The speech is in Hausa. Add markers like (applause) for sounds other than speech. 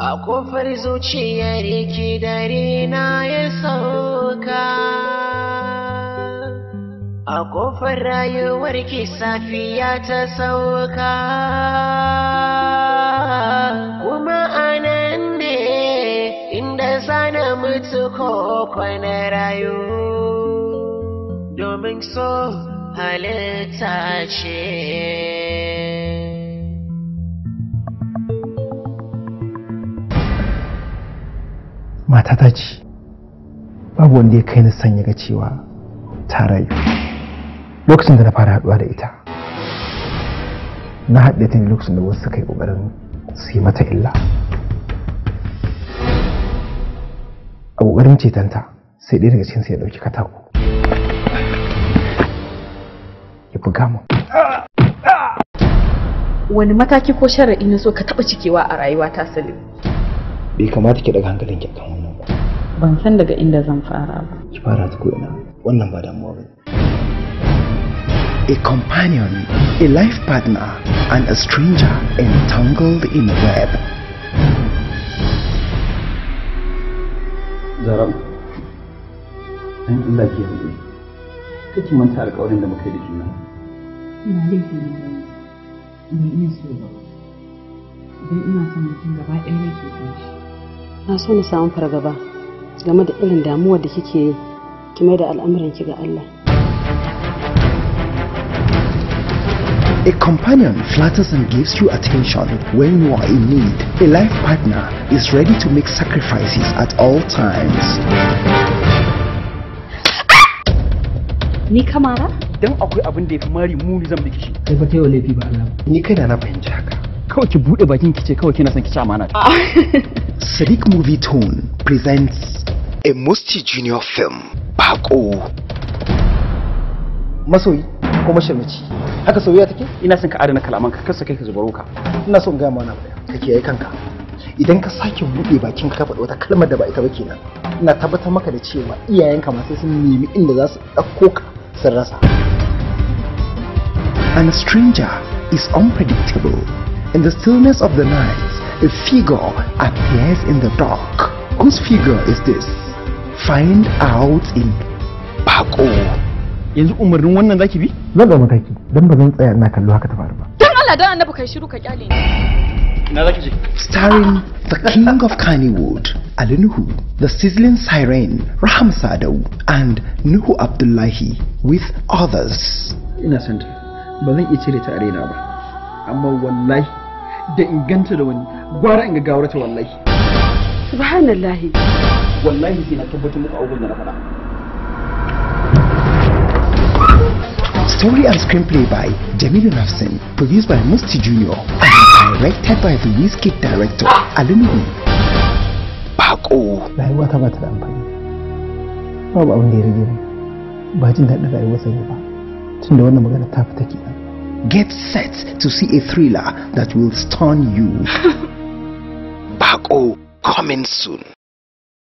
A kofar zuciyar yake dare na ya sauka, a kofar rayuwar ke safiya ta sauka, kuma anan ne inda zana mutu ko kwana rayu domin so. halitta ce ce babu wanda ya kai ni sanya ga cewa ta rayu lokacin da na fara haɗuwa da ita na haɗe ta ne lokacin da wasu suka yi ƙoƙarin su yi mata illa a ƙoƙarin cetanta sai ɗaya daga cikinsu ya ɗauki katako buga mu wani mataki ko shara'i na so ka taba cikewa a rayuwa ta salim bai kamata ki daga hankalin ki kan wannan ba ban san daga inda zan fara ba ki fara ta ina wannan ba damuwa ba A companion, a life partner, and a stranger entangled in a web. Zaram, an illa ke yanzu. Kake manta alƙawarin da muka yi da juna. laifin mai iya so ba don ina son mutum gaba ɗaya ke shi na so na samu fargaba game da irin damuwar da kike yi ki mai da ga Allah A companion flatters and gives you attention when you are in need. A life partner is ready to make sacrifices at all times. ni ka mara dan akwai abin da ya fi mari muni zan biki shi kai fa taiwa laifi ba Allah ni kai na na fahimci haka kawai ki bude bakin ki ce kawai kina son ki ci amana ah. (laughs) Sadiq Movie Tone presents a Musti Junior film Bako masoyi ko shirmaci haka soyayya take ina son ka adana kalaman ka kar kai ka zubaro ka ina son ga mana ka kiyaye kanka idan ka sake buɗe bakin ka faɗi wata kalmar da ba ita ba kenan ina tabbatar maka da cewa iyayenka ma sai sun nemi inda za su ɗauko ka sun and a stranger is unpredictable in the stillness of the night a figure appears in the dark whose figure is this find out in bako yanzu umarnin wannan zaki bi zan ga mataki dan ba zan tsaya ina kallo haka ta faru ba dan Allah dan annabi kai shiru ka kyale ni ina zaki je starring the king of Kannywood Ali Nuhu the sizzling siren, Raham Sadau, and Nuhu Abdullahi with others. Ina santa, ba zan iya cire ta arena ba, amma wallahi da inganta da wani gwara in gawar ta wallahi. Subhanallahi. Wallahi sai na tabbatar muku abubuwan da na faɗa. Story and screenplay by Jamil Rafson, produced by Musti Jr. and directed by the Wizkid director Alumni bako rayuwa ta ba ta da amfani babu abin da ya rage mu ba jin daɗin rayuwar sanyi ba get set to see a thriller that will stun you bako (laughs) coming soon